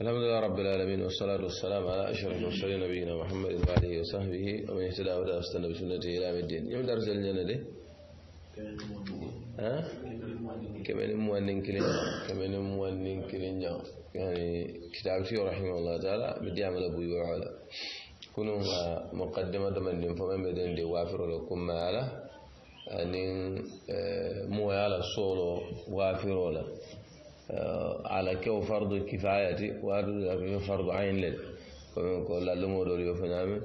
الحمد لله رب العالمين والصلاة والسلام على أشرف المرسلين نبينا محمد وآله وصحبه ومن اهتدى ولا واستنى بسنته إلى يوم الدين يوم درس الجنة دي ها كمان موانين كلين كمان موانين كلين يعني كتاب فيه رحمه الله تعالى بدي أعمل أبوي وعلا كونوا مقدمة من فمن بدين دي وافر لكم ما على يعني، أن آه، مو يالا صولو وافر لكم آه، على كو فرض كفاية وأرجو فرض عين لل كل الأمور اللي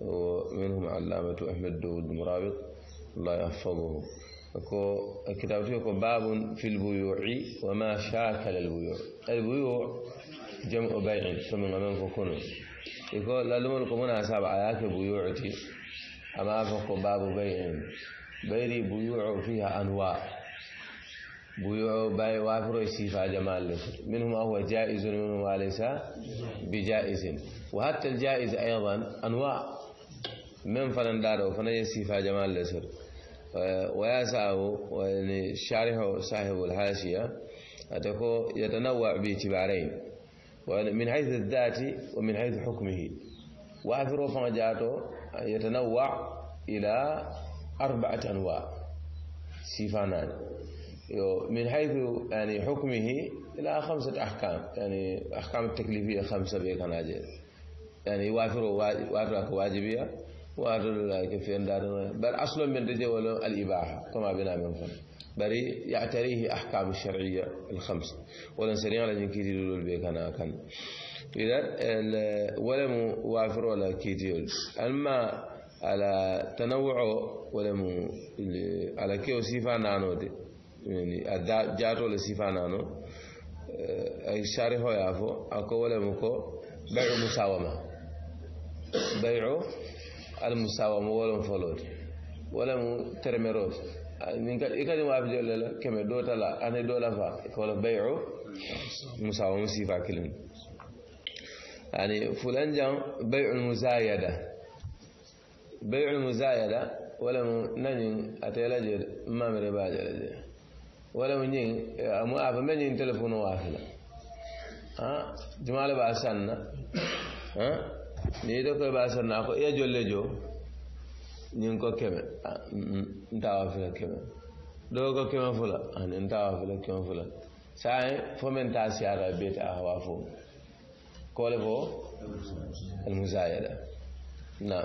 ومنهم علامة أحمد داود مرابط الله يحفظه أكو كتابتي أكو باب في البيوع وما شاكل البيوع البيوع جمع بيع ثم من كونه يقول لا لمن كمنا سبع آيات بيوعتي أما أكو باب بيع بيري بيوع فيها أنواع بيوع وافر يسيفا جمال منهما هو جائز ومنهما ليس بجائز وحتى الجائز أيضا أنواع من فلان دار فلن يسيفا جمال لسر آه، ويسعه يعني شارحه صاحب الحاشية يتنوع باعتبارين من حيث الذات ومن حيث حكمه وافر فنجاته يتنوع إلى أربعة أنواع سيفانان من حيث يعني حكمه إلى خمسة أحكام يعني أحكام التكليفية خمسة بيكون أجل يعني وافر وافر واجبية وافر في بل أصل من رجل الإباحة كما بنا من فن بل يعتريه أحكام الشرعية الخمسة ولن سريع جنكيتي دول بيكون كان إذا ولم وافر ولا كيتي أما على تنوعه ولم على كيو صفة نانوتي a jaato le sifanano ay sari hoya fo ako walemu ko bayu musawama bayu almusawama wolem folode walemu termerode i kadi waafi jolle la keme dootala ane doola fa kola bayu musawama sifa kilin yani fulan jan bayu almuzayada bayu almuzayada walemu nañin ate la je mamere baaje la je wala nyin amu aba men nyin telephone wa fila ha jumala ba sanna ha ni do ko ba sanna ko ya jolle jo nyin ko keme nta wa fila keme do ko keme fula ani nta wa fila keme fula sai fomen ta siara beta hawa fo kole bo al muzayada na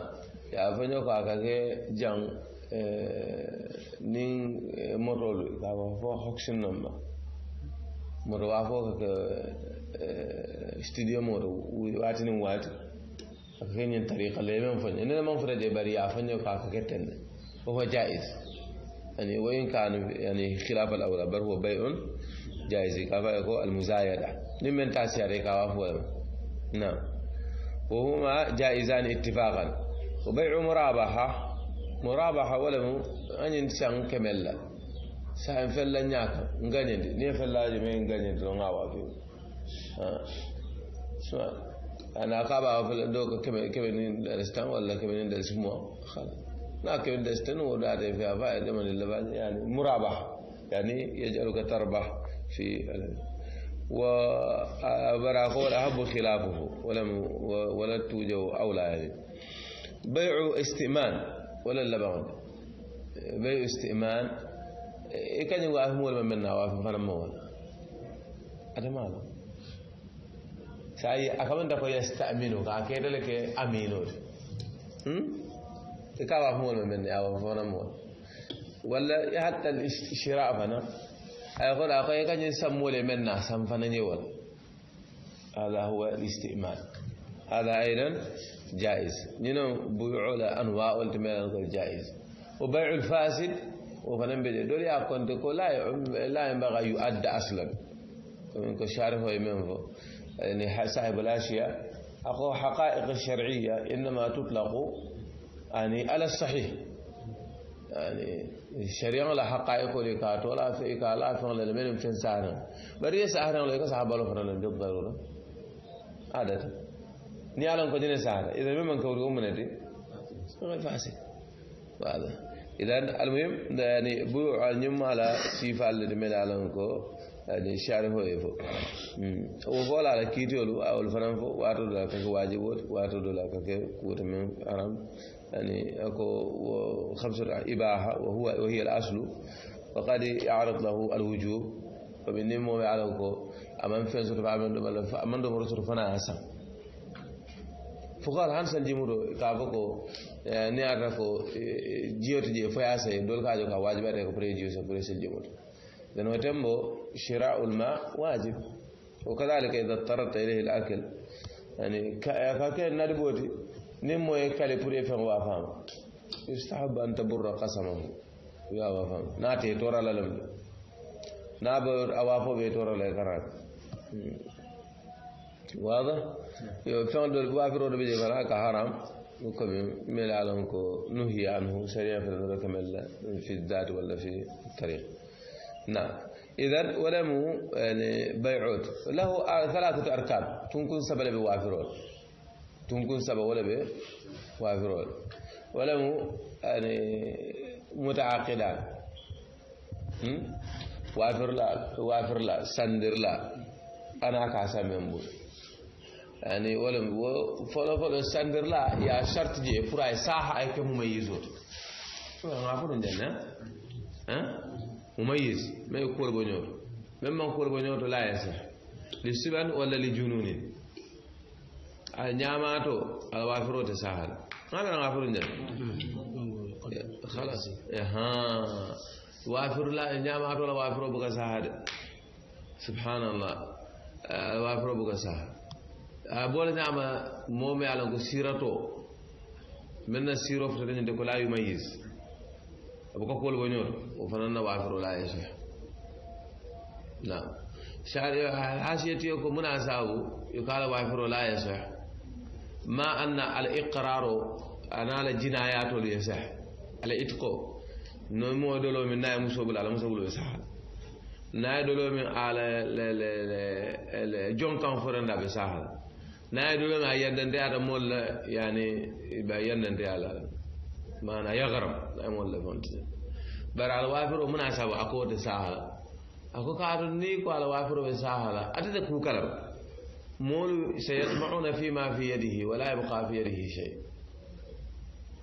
ya fanyo ko akage jang ning morol dawa fo hoksin namma moro wa fo ka studio moro wati nin wati aka kenyin tariqa le men fanya ne man fura de bari ya fanya ka ka ketten wa huwa jaiz yani wa in kan yani khilaf al awla bar huwa bay'un jaiz ka fa ko al muzayada nin men ta siyare ka wa fo na وهما جائزان اتفاقا وبيع مرابحه مرابحه ولا اني نسان كملا سان فلا نياك غاني دي ني فلا دي مي غاني دي لو غاوا في ها سو انا قبا في الدوك كم كم الاستان ولا كم عند اسمه خال لا كم عند الاستان ودا دي في افا دي من اللي يعني مرابحه يعني يجعلك تربح في و برا خور احب خلافه ولم ولا توجه اولى يعني. بيع استئمان ولا اللبن بي استئمان إيه كان يقول أهمو لما منا وافا فلما وانا هذا ما هذا سأي أكمن دقو يستأمينو كأكيد لك أمينو هم تكاو أهمو لما منا وافا فلما وانا ولا حتى الشراء فانا أقول أقول أن إيه أقول يكن يسمو لما منا سنفنا نيوال هذا هو الاستئمان هذا أيضا جائز نينو بيع بيوعولا أنواع والتميلا نقول جائز وبيع الفاسد وفنان بيد دوري أكونت كو لا لا ينبغي يؤدى أصلا كمن كشارف يمنو يعني صاحب الأشياء أخو حقائق الشرعية إنما تطلق يعني على الصحيح يعني الشريعة لا حقائق ولا كات ولا فيك لا فعل لمن تنسانا بريس أهرن لك صاحب الأخرى بالضرورة عادة ni alan ko dina saara idan memman ka wuri ummanati غير فاسد واضح اذا المهم يعني بو علم على صفه اللي من علنكو يعني شارح إيه هو يفو وقول على كيتولو او الفنانفو واتو دولا كك واجبوت واتو دولا كك كوت من حرام يعني اكو خمسة اباحه وهو وهي الاصل وقد يعرض له الوجوب فبنمو على كو اما فين سوت بعمل من دو مرسل فنا حسن fukar han san jimuro ka fo ko ne arta fo jiyoto je foyase dol kajo ka wajibate ko preju so pre silji jimuro den o tembo shira'ul ma wajib wa kadhalika idha tarata ilayhi al-akl yani ka ke nadi boti nin moye kale pour e fen wa fam yustahab an taburra qasamahu ya wa fam naate torala lam na be toralay karat واضح وكم نعم. ميل عالم كو نهي عنه في ذلك في الذات ولا في الطريق نعم إذا ولم يعني بيعود له ثلاثة أركان تنكون سبب بوافرول تنكون سبب ولا بوافرول ولم يعني متعاقدان وافر لا وافر لا سندر لا أنا كاسا من يعني ولم فلا فلا سندر لا يا شرط جي فراي ساحة أي كمميزات عفوا عندنا ها مميز ما يقول بنيور مما يقول بنيور لا يصح للسبن ولا لجنون آه، نعماتو على وافرو تسهل هذا غافر عندنا خلاص ها وافر لا نعماتو ولا وافرو بقى سهل سبحان الله آه، وافرو بقى سهل أقول لك نعم، مومي على سيرته من السيرة في الدنيا ده كلها أنا أقول لك بنيور وفنان وعفر ولا يشى نعم شعر الحاشية تيوكو أنا أقول لك وعفر ولا يشى ما أن الإقرار أنا أقول أقول أقول أقول أقول أقول أقول أقول أقول أقول لك لك لك لك لك لك لك لك لك لك أنا أنا أنا أنا أنا أنا أنا أنا أنا أنا أقول لك ولا يشى على إتقو نمو دلو من نايم مسؤول أنا أقول لك أنا أقول لك أنا أقول لك أنا أقول لك أنا أقول لك na yi dubin a yadda ta yada mola yani ba yadda ta yada ma'ana ya garam na yi mola fonti bar alwafiro muna sabu a kowace sahala a ko karu ni ko alwafiro bai sahala a ta da kukarar molu sai ya tsamauna fi ma fi yadihi wala ya buka fi yadihi shai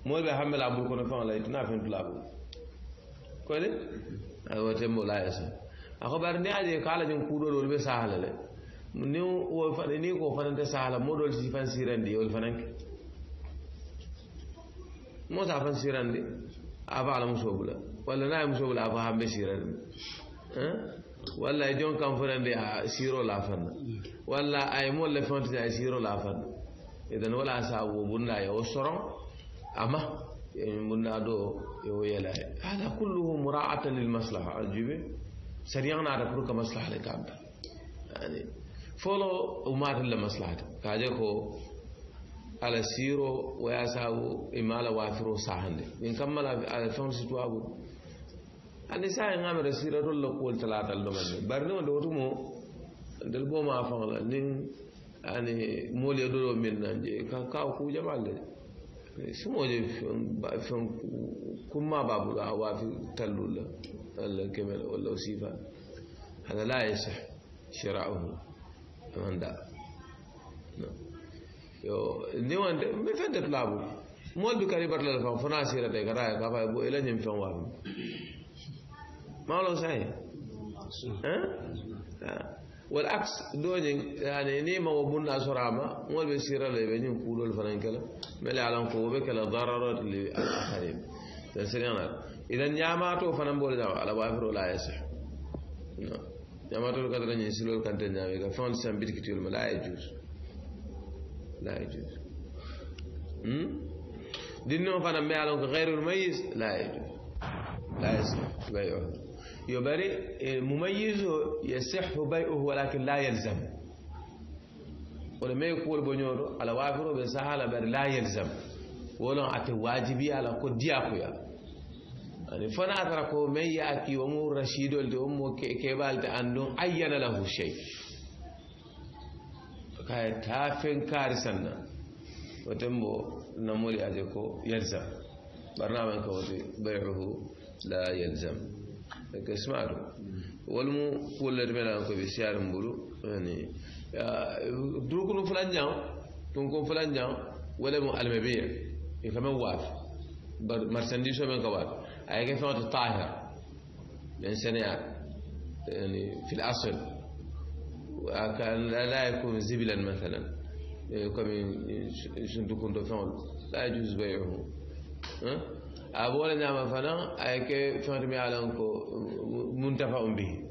molu bai hamila abu kuna fan lai tuna fin tulabu ko ne a wata mola ya sa a ko bar ni a je kalajin kudo da wani bai sahala lai نيو وفا نيو وفا نتا سالا مودول سي فان سيراندي ول فانك مو سا فان سيراندي افا على مسوبلا ولا نا مسوبلا افا هام سيراندي ها ولا جون كان فراندي سيرو لا فان ولا اي مول فانتي سيرو لا فان اذا ولا سا و بنا يا وسرون اما بنا دو يو يلا هذا كله مراعاه للمصلحه عجيبه سريعنا على بروك مصلحه لكامبا يعني فلو أمار المصلحة كاجكو على سيرو وياساو إمالا وافرو ساهند إن كمل على فون سيتوابو أنا ساي نعم رسيرة رول لقول ثلاثة لمن برنو دوتو مو دلبو ما أفهم لا نين أنا يعني مولي دورو من نجي كا كاو كوجا مال سمو جي فون فون كم بابو لا وافي تلول الله كمل ولا وسيفا هذا لا يصح شرعه wanda yo ni wande mi fende tulabu mool bi kari batlal fam fona sirate ka raya ka fay bo ila ñim fen waafi mawlo saye hein wal aks doñin yani ni ma wo bunna sorama mool be sirale be ñim kuudol fanan kala mele alan ko be kala dararat li akharin tan sirana idan ñamato fanan bo dawa ala wafiro la yasih jamatol katara ci lool kante ñawé ka fon sam bitikitiyol ma la malaay juus laay ye hmm dinno fana mbe alon ko xeyrul mayis laay ye laay la bayo yo bari mumayis o yasihu bayuhu walakin la yalzam wala may mai kuwol boñoto ala waafiro be sahala bari la yalzam wolon ate wajibi ala ko diya ko yalla ani fana atara ko men ya ki wo mu rashidol de ummo keɓal de andum ayyana lahu shey kaya ta fen kaari sanna woten mbo namori aje ko yalzam barnamen ka wote bayuhu la yalzam ke sma ɗum wolmu kullede men an koɓe siyare mburu ani durkunu fulan jam tunkun fulan jam wole mo almabiya e kamen waafi marchandise o men ka waafi يعني كيف تطهر الإنسان يعني في الأصل لا يكون زبلا مثلا كم شندوكون دفعون لا يجوز بيعه أبولا نعم فنا أيك فهمي على أنكو منتفع به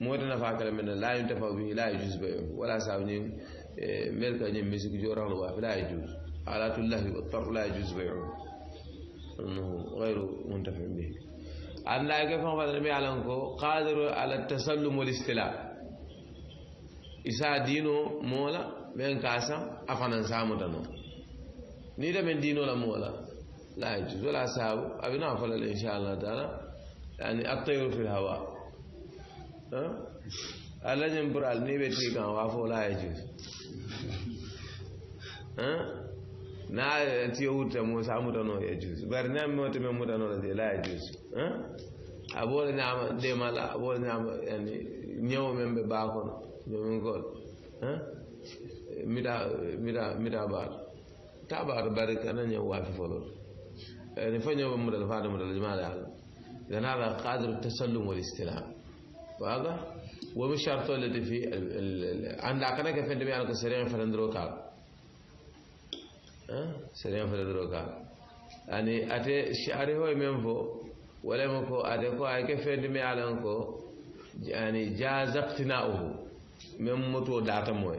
موتنا فاكر من لا ينتفع به لا يجوز بيعه ولا سابنين إيه، ملك نيم مسك جوران لا يجوز على الله يضطر لا يجوز بيعه أنه غير منتفع به عن عندنا كيف ما النبي على قادر على التسلم والاستلام إسا دينو مولا بين كاسا سامو دانو نيدا من دينو لا مولا لا يجوز ولا ساو أبي فلل إن شاء الله تعالى يعني الطير في الهواء ها ألا جنبر نيبتي كان وافو لا يجوز ها na ti wurta mu sa mutano ya jusu bari na mi wata mai mutano da zai la ya jusu abole nyama de mala abole nyama yani nyawo men be ba kono nyawo gol mida mida mida ba ta ba barka na nyawo wa fi folo ni fa nyawo mu dal faade mu dal jama'a Allah dan hada qadir at-tasallum wal istilham waga wa min shartu allati fi anda kana ka fende bi anaka sari'an fa ndro ka seren fana doro kan ani ate shariho ye men fo walema ko ate ko ay ke fendi me alan ko ani jazaqtina'uhu men moto data moy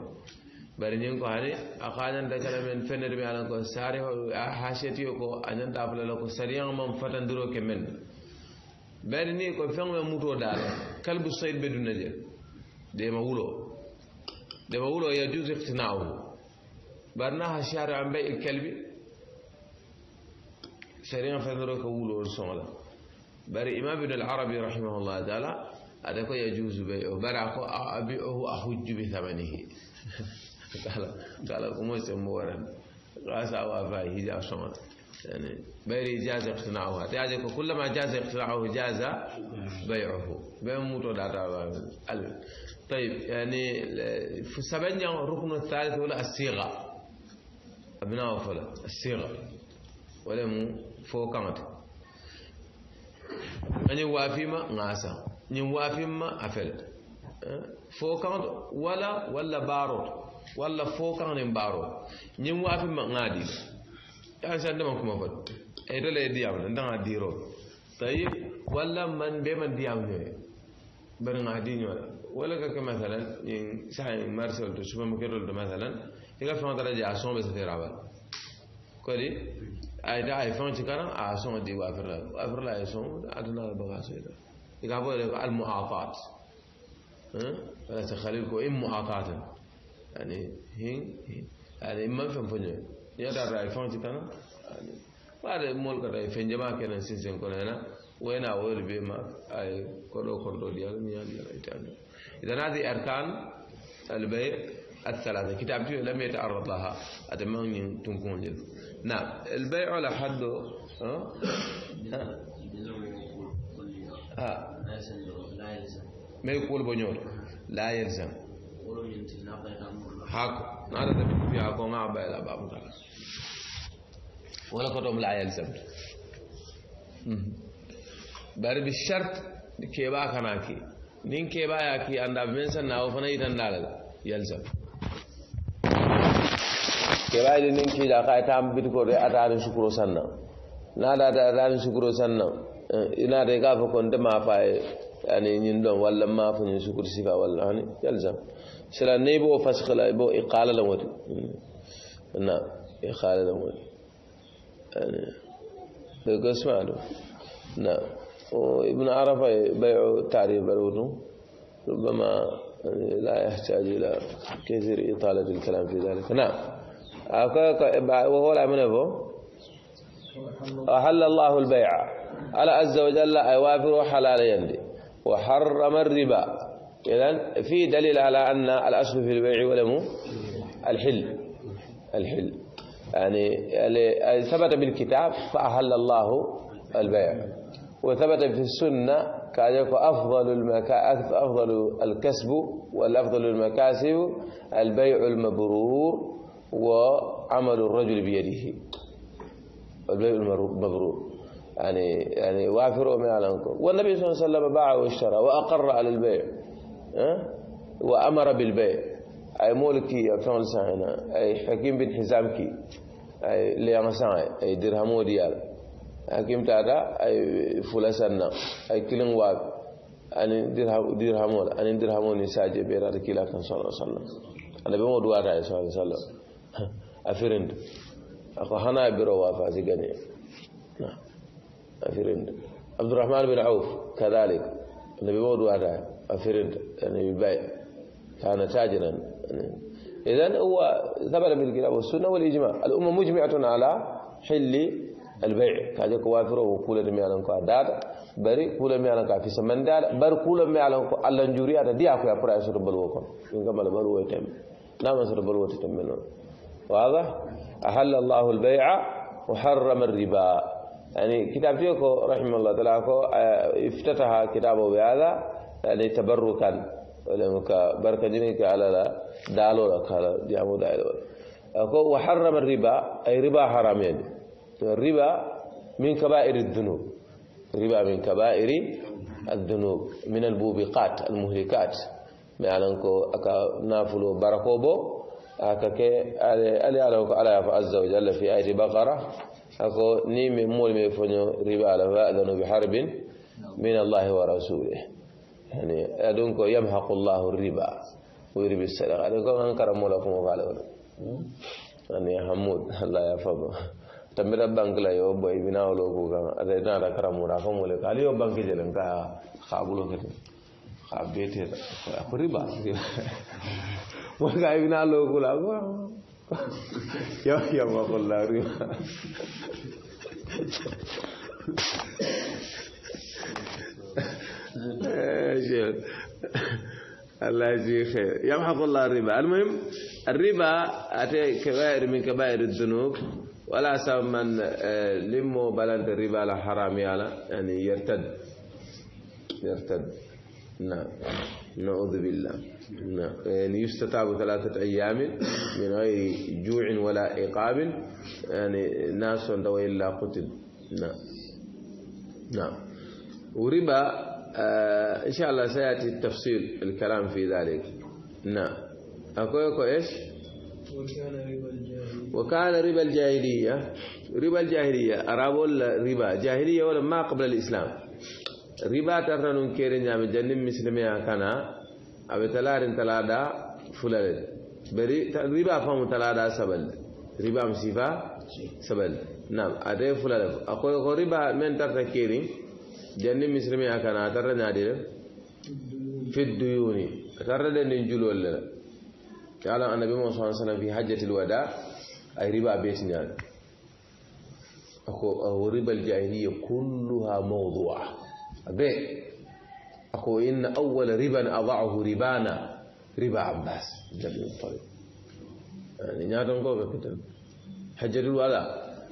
bari ñing ko hani a xañanta kala men fenede me alan ko sariho a hasetiyo ko añanta fulala ko sariyan man fatandiro ke men bari ni ko feŋ me muto data kalbu sayd be duna je dema wulo dema wulo yajuzu iqtina'uhu برناها شارع عن بيع الكلب شارع فذروك أولو الصمد بر إمام ابن العربي رحمه الله تعالى هذا يجوز بيعه برا أبيعه أحج بثمنه قال قال قموس مورا قاس أو أفاي هجاء صمد يعني بير جاز اقتناعها تعجب كلما جاز اقتناعه جاز بيعه بيموت ولا طيب يعني في سبعين الركن الثالث ولا الصيغه أبناء فلا السيرة ولم فوقمت أن ما ناسا نين ما أفل فوقمت ولا ولا بارو ولا فوقمت بارو نين وافيما نادي يعني ما كم كما فل لا دولة ديامنا عندما ديرو طيب ولا من بمن ديامنا برنا دينيولا ولا كمثلا يعني ساعة مارسل تشوف مكرر مثلا iga fɛn taara di a sɔn bɛ se fɛrɛ a ba kɔdi a yi da a ye fɛn ci kana a sɔn di wa fɛrɛ la wa fɛrɛ la a ye sɔn a dun n'a yɛrɛ baga so yi la i ka bɔ yɛrɛ ko alimu atat wala se xali ko imu atat ani hin ani man fɛn fɔ ɲɛ n'i y'a da a ye fɛn ci kana waa de mɔl ka taa fɛn jama kɛnɛ sinsin kɔnɔ yɛrɛ wɛn na o de bɛ ma a ye kɔdɔ kɔdɔ di yɛrɛ ni y'a di yɛrɛ i t'a dɔn idan n'a di arkan alibɛyi الثلاثة كتاب لم يتعرض لها أتمنى تكون جد نعم البيع على حد ها ها ما يقول بنيور لا يلزم حق هذا تبي في حق ما بيع باب ولا كتب لا يلزم بار بالشرط كيبا كناكي نين كيبا ke nin ke baya ki anda keɓaɗi nin kiila ka tan bitkode atani sukuro sanna naɗata atani sukuro sanna inata ka fo konte ma faye yani ñin ɗon walla ma fo ñin sukuri sifa walla hani yalsam sila ni bo faskila bo iqala lan wati na iqala lan wati yani ɓe ko smaɗo na ابن عرفة بيع تعريف بلونه ربما لا يحتاج إلى كثير إطالة الكلام في ذلك نعم وهو لا من أبو أحل الله البيع على عز وجل أوافر حلال يندي وحرم الربا إذا في دليل على أن الأصل في البيع ولم الحل الحل يعني ثبت بالكتاب فأحل الله البيع وثبت في السنة كذلك أفضل المكا أفضل الكسب والأفضل المكاسب البيع المبرور وعمل الرجل بيده والبيع المبرور يعني يعني وافروا من يعلمكم والنبي صلى الله عليه وسلم باع واشترى واقر على البيع أه؟ وامر بالبيع اي مولكي فون هنا اي حكيم بن حزام كي اي ليان اي درهمو ديال حكيم تادا اي فلسنا اي كلين واب ان درهم درهمو ان درهمو نساجي بيرا كيلا كان صلى الله عليه وسلم النبي مو دوار صلى الله عليه وسلم أفرند أقا هنا بروا فاسقني نعم أفرند عبد الرحمن بن عوف كذلك النبي مود وادا أفرند يعني بالبيع كان تاجرا يعني إذا هو ثبت الكتاب والسنة والإجماع الأمة مجمعة على حل البيع كاجا كوافر وكل دمي على كو بري كل مي على كافي سمن دار بر كل مي على كو الله نجوري دي أخويا يا برايس ربل وكم ان كمل بل نعم سر بل وتم واضح أحل الله البيع وحرم الربا يعني جيكو رحمه الله تعالى آه، افتتح كتابه بهذا يعني تبركا يعني بركة جنيك على دالو لك على جامو دالو وحرم الربا أي ربا حرامين الربا من كبائر الذنوب ربا من كبائر الذنوب من البوبقات المهلكات ما يعني أنكو أكا نافلو بركوبو akake ali ala ko ala fa azza wa jalla fi ayati baqara ako ni mi mol mi fonyo riba ala fa adanu bi harbin min Allah wa rasulih yani adun ko yamhaqu Allah riba wa yurbi sadaqa adun ko an karamola ko wala wala yani hamud Allah ya fabo tambira bank la yo boy binawlo ko kan ada na karamola ko mole ali yo bank jelen ka khabulu kete a beeteta riba wonga wina lookula ko yaw yamma kolla riba الله يجزيه خير يمحق الله الربا المهم الربا أتي كبائر من كبائر الذنوب ولا سبب من لمو بلد الربا على حرام يعني يرتد يرتد نعم نعوذ بالله نعم يعني يستتاب ثلاثة أيام من غير جوع ولا عقاب يعني ناس لو إلا قتل نعم نعم وربا آه إن شاء الله سيأتي التفصيل الكلام في ذلك نعم أكو إيش وكان ربا الجاهلية ربا الجاهلية الجاهلية ولا ربا جاهلية ولا ما قبل الإسلام riba tarta nun kere ñaame jannin misilimeya kana aɓe talarin talaɗa fulale be riba famu talaɗa sabalde riba mu sifa sabalde nam ate fulale fo akoy ko riba men tarta keri jannin misilimeya kana a tarta ñaadire fidduyuni a tarta de ndin julol le la yalan annabi mo sa sallam fi hajjatil wada ay riba beeti ñaade ako riba al jahiliya kulluha mawdua بيع أخو إن أول ربا أضعه ربانا ربا عباس جل الطريق يعني نياتون كو بكتن حجر الولا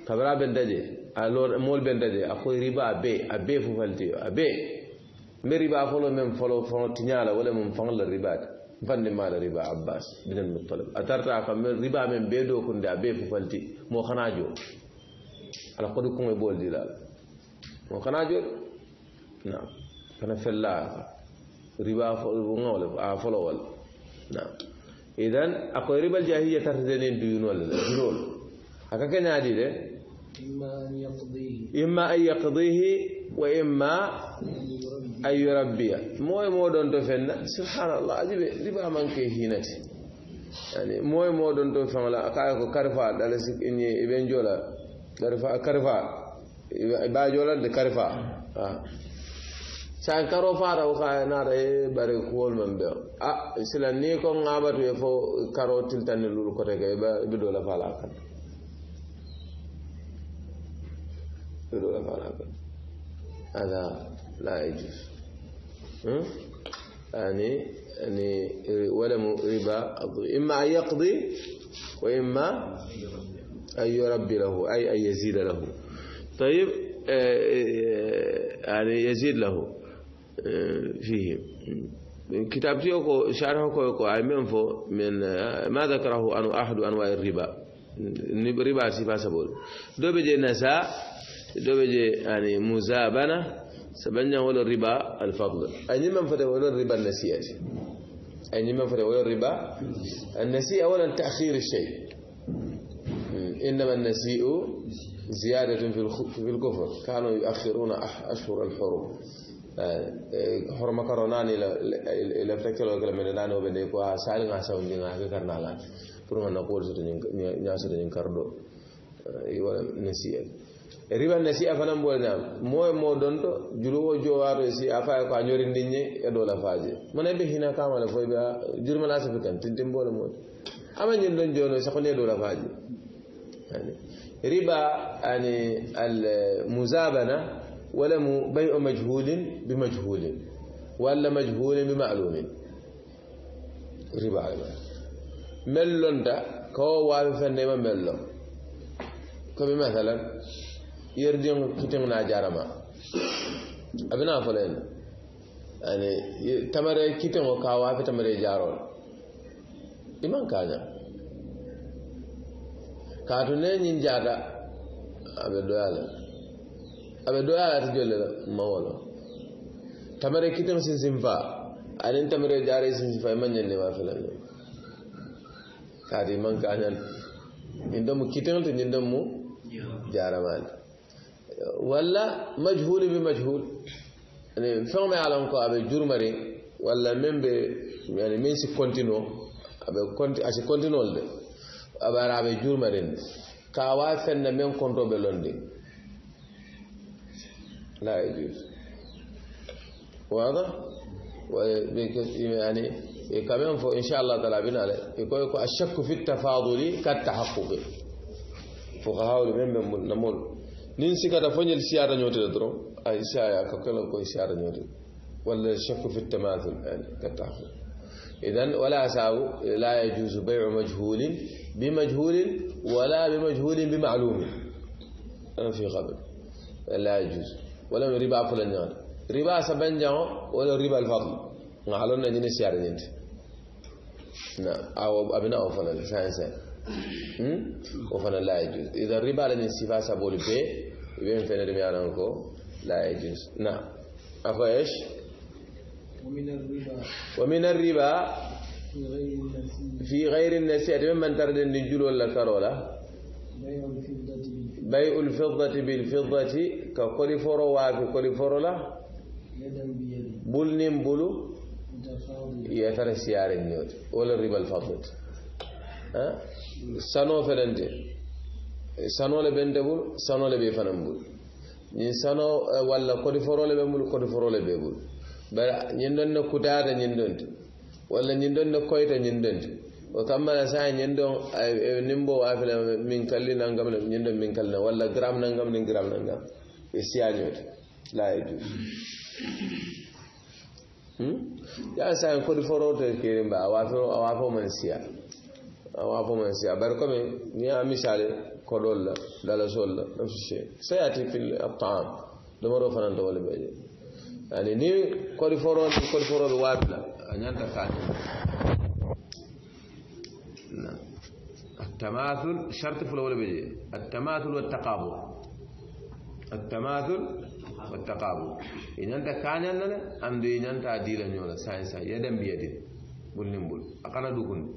كبرا بن دجي الور مول بن دجي أخو ربا بيع أبيع ففلتي أبي مي ربا فلو من فلو فلو تنيالا ولا من فنل الربا فن مال ربا عباس بن المطلب أترتا كمل ربا من بيدو كن دا بيع ففلتي مو خناجو على قد كون يبول دلال مو خناجو نعم فانا فلا ربا فول فلول آه، نعم إذن أكو ربا الجاهلية ترزنين ديون ولا ديون هكا كان هذه ده إما أن يقضيه إما أن يقضيه وإما أن يربيه موي مو دون تفن سبحان الله عجيب ربا من كيهينتي يعني موي مو دون تفن لا كايكو كرفا دالسك إني إبن جولا كارفا كرفا جولا دي كارفا آه. sankaro faraw ka naata e bare kuwol man ɓe a sila ni ko ŋabatu e fo karo tiltanni lulu kote ke ɓe dola fala kan ɓe dola fala kan hada la yajus yani yani ولم ربا إما أن يقضي وإما أن يربي له أي أن يزيد له طيب يعني يزيد له فيه كتابتي شرحه كو ايمن فو من ما ذكره انو أحد أنواع الربا ربا سيفا سبول دو بجي نساء دو بجي يعني مزابنة سبنجا ولا الربا الفضل أني من فتح ولا الربا النسيئة أني من فتح ولا الربا النسيئة أولا تأخير الشيء إنما النسيء زيادة في الكفر كانوا يؤخرون أشهر الحروب horma karo nani la fektelo kala men dano be de ko sal nga saw ndinga ke karna la pour man na ko so to nya so to nyin kardo wala nasiya riba nasiya fana mbo na moy mo don to julo jowaro si afa ko anyori ndinye e do la faje man be hina kama la foy ba jurma la safikan tintim bolo mo ama nyin don jono sa ko ne do la faje riba ani al muzabana ولم بيع مجهول بمجهول ولا مجهول بمعلوم ربا ملون دا كو وافي فندي ما ملون كبي مثلا يردين كتن ناجارما ابنا فلان يعني تمره كتن وكاوا تمره جارون iman kaña kaatu ne ñin jaata aɓe doyale aɓe doyagata jolle la mawolo tamare kitem sinsin fa anin tamare jare sinsin fa e mañannima felani kaati man kañan ñin ɗon mo kitelte ñin ɗon mo jaramani walla majhul bi majhul ani feŋ me alan ko aɓe jurmari walla min ɓe yani min si continue aɓe asi continuol de aɓara aɓe jurmarin ka wa fenna min kontoɓe londi لا يجوز واضح يعني كمان فو ان شاء الله تعالى بنا يقول الشك في التفاضل كالتحقق فقهاء من من نمول ننسي كذا فني السياره نيوتي درو اي سايا ككلو كو سياره نيوتي ولا الشك في التماثل يعني كالتحقق اذا ولا ساو لا يجوز بيع مجهول بمجهول ولا بمجهول بمعلوم انا في قبل لا يجوز ولم ربا فلان نيال ربا سبن جاو ولا ربا الفضل نحلون نجني سيار نينت نعم او ابناء فلان ساينس وفنا لا يجوز اذا الربا لن سيفا سبول بي بين فين ربا نكو لا يجوز نعم اكو ايش ومن الربا ومن الربا في غير النسيئة من ترد النجول ولا كارولا بيع الفضة بيع الفضة بالفضة ككل فرو وافي كل فرو لا بولنم بولو يتر سيار النيوت ولا ربا الفضة ها سانو فلنتي سانو لبنت بول سانو لبي فنم بول ñin sano walla kodi forole ɓe mbul kodi forole ɓe ɓul bara ñin ɗon no kudaada ñin ɗonti walla ñin ɗon no koyta ñin ɗonti o kammala sa ñendon nimbo wafila min kalli nangam ne ñendon min kalli walla gram nangam ne gram nangam e siyañote la e jus ya sa en kodi foroto kiri mba awafo awafo man siya awafo man siya bar comme ni a misale kodol la dala sol la nafsu shay sayati fil at'am domoro fanan to wala beje yani ni kodi foro ni kodi foro wafila anyanta kaati نعم. التماثل شرط في الأول بيجي التماثل والتقابل التماثل والتقابل إن أنت كان أننا أم دين أنت أديلا نيولا ساينسا يدا بيد بول نمبول أقنا دوكن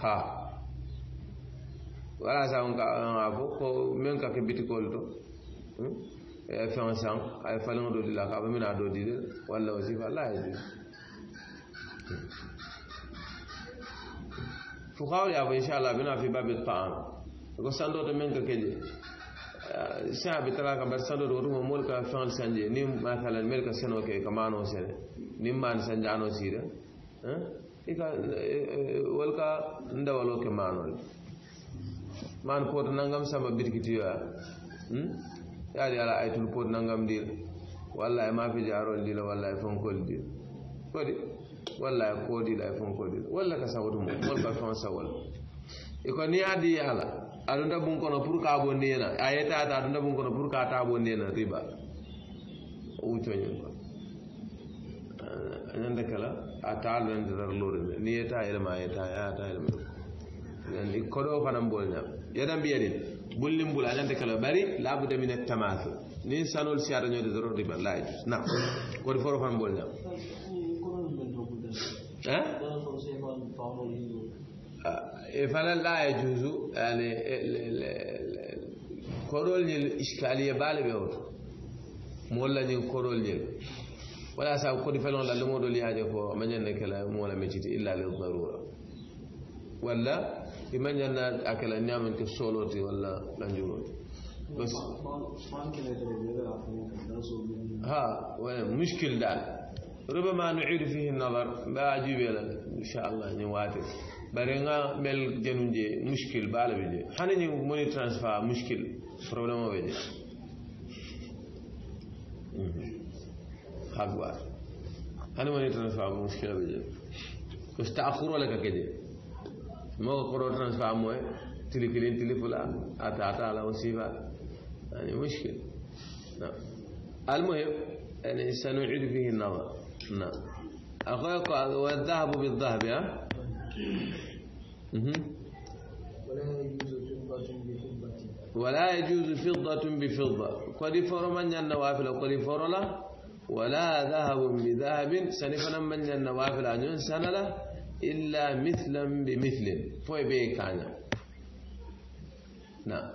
ها ولا ساون كا أبو من كا كبيت كولتو اي سان أي فلان دودي لا كابو من أدودي ولا وزيف الله يجزي fukaw ya fa inshallah bina fi babi ta'am ko sando to men ka keje sa bi tara ka bar sando do mo mol ka fan sanje ni ma kala mel ka seno ke ka mano sene ni man sanjano sira eh ika wal ka ndawalo ke mano man ko to nangam sama birkitiya hmm yaade ala aytul pot nangam dir wallahi ma fi jarol dila wallahi fonkol dir kodi walla kodila la fon kodila wala ka sawtu wala ka fon sawol e ko ni adi ala adunda bun kono pur ka bo ndena ayeta ta adunda bun kono pur ka ta bo ndena riba wucoñin ko ñande kala a taalonde tar lore nde ni yeta elema a yeta yata elema i koɗo fanam bol ya yeɗan mbiyaɗin bullin bul a ñande kala bari labuda min tamasu nin sanol siyata ñode zoro riba la jus na koɗo foro fanam bol ñam أه؟ إيه، فلا لا يجوز يعني كورول نيل إشكالية بالبيو مولا نيل كورول نيل ولا كو دي فلان لا لمو دولي هذا فو ما نين كلا مولا ميتي إلا للضرورة ولا من ينك أكل نيام انت سولوتي ولا لنجولوتي بس ها مشكل ده ربما نعيد فيه النظر باجيب ان شاء الله نواتر برينا مل جنونجي مشكل بالا بيجي حنا ني موني ترانسفا مشكل بروبليم بيجي حقوا انا موني ترانسفا مشكل بيجي بس تاخر لك كده مو قرو ترانسفا موي تلي كلين تلي فلا اتا اتا على وسيبا يعني مشكل نعم المهم يعني سنعيد فيه النظر نعم أخوك والذهب بالذهب ها ولا يجوز فضة بفضة قد فر من النوافل قد فر ولا ذهب بذهب سنفنا من النوافل عن سنة له إلا مثلا بمثل فوي بيك عنا نعم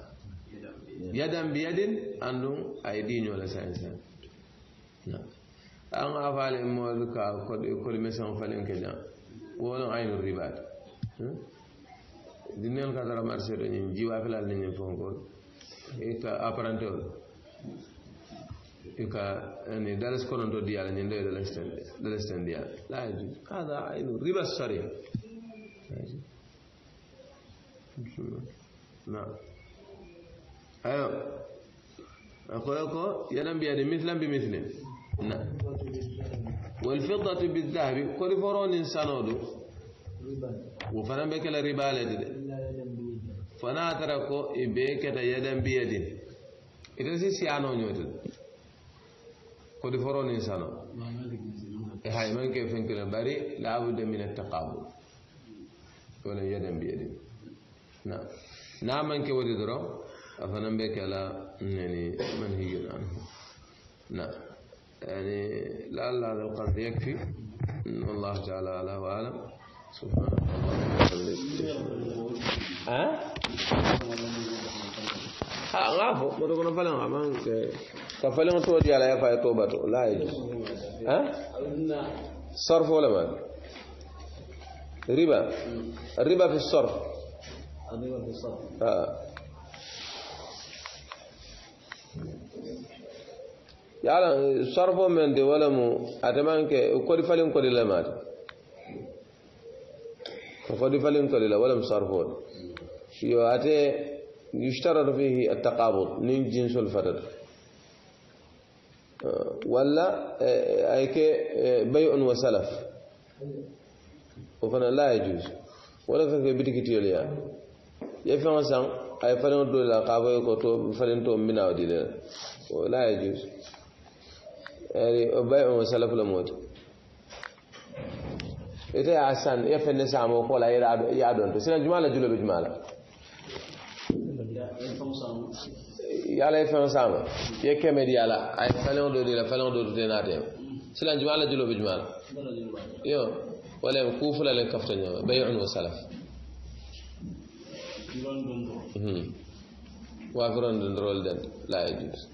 يدا بيد أنه أيدين ولا سنة نعم an afala e moolu ka kol meseŋo falen ke jaŋ wolon aynu ribaat dinneel ka tara marché ɗo ñin jiwa filal ni ñin fonkol i ka apparenté ol i ka ni dalas kononto diyala ñin ɗo e dalesten diyala la yajuz hada aynu riba sharia نعم أيوه أقول لكم يلم بيد مثلا بمثله والفضة بالذهب كل فرون إنسان دو وفنان بك الربالة دي فنا تركو إبيك يدا بيد إذا سي سيانو نيوتل كل فرون إنسانو هاي من كيف يمكن البري لابد من التقابل ولا يدا بيد نعم نعم من كوري درو أفنان بك لا يعني من هي عنه نعم يعني لعل هذا القدر يكفي والله تعالى على واعلم سبحان الله ها آه، ها غافو ما تكون فلان ما فلان توجي على يفا توبته لا يجوز ها صرف ولا ما ربا الربا في الصرف الربا في الصرف ها آه. yala sarfo men de wala mu atamanke kodi falen kodi la mat kodi falen kodi la wala mu sarfo yo ate يشترط فيه التقابض من جنس الفتد ولا أيك بيع وسلف وفنا لا يجوز ولا كك بتكتي ليا يفهم سان أي فرنتو لا قابو كتو فرنتو منا ودي لا يجوز يعني بيع وسلف الموت ite ya san ya fenne samo ko la yira ya don to sina jumala julo be jumala ya la femme sama ye keme di ala ay falon do di la falon do de na de sina jumala julo be jumala yo wala ku fula le kafta nyawa bay'un wa salaf wa firon dun rol den la yajuz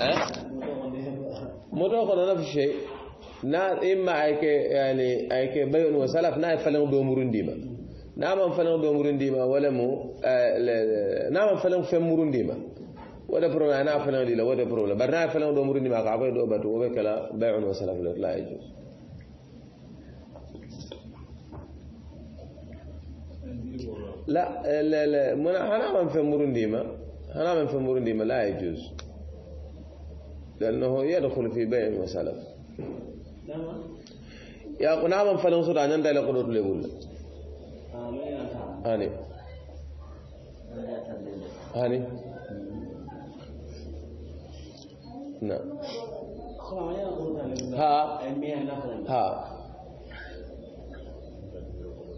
ها مدخل انا في شيء نا اما ايك يعني ايك بيون وسلف نا فلان بامورن ديما نعم فلان بامورن ديما ولا مو آه، نعم،, نعم فلان في امورن نعم، ديما ولا برو انا فلان لي ولا برو برنا فلان بامورن ديما قابو دو بات او بكلا بيع وسلف لا يجوز لا لا لا من نعم، انا ما فهمت مرون ديما أنا من فمورين ما لا يجوز لأنه يدخل في بيع وسلف يا قنا نعم، من فلان سورة أنا نعم، دايلا قدوت لبول هاني هاني نعم ها ها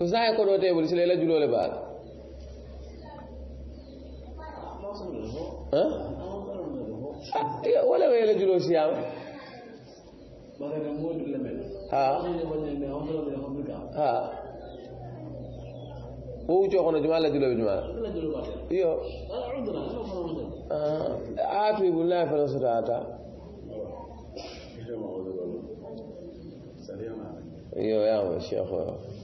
كزاي قدوت لبول سليلا جلول بار wala wele julo siyama wo wuccoo kono juma la julo juma iyo aatu ibullahi fala sota ata iyo yaama sheikh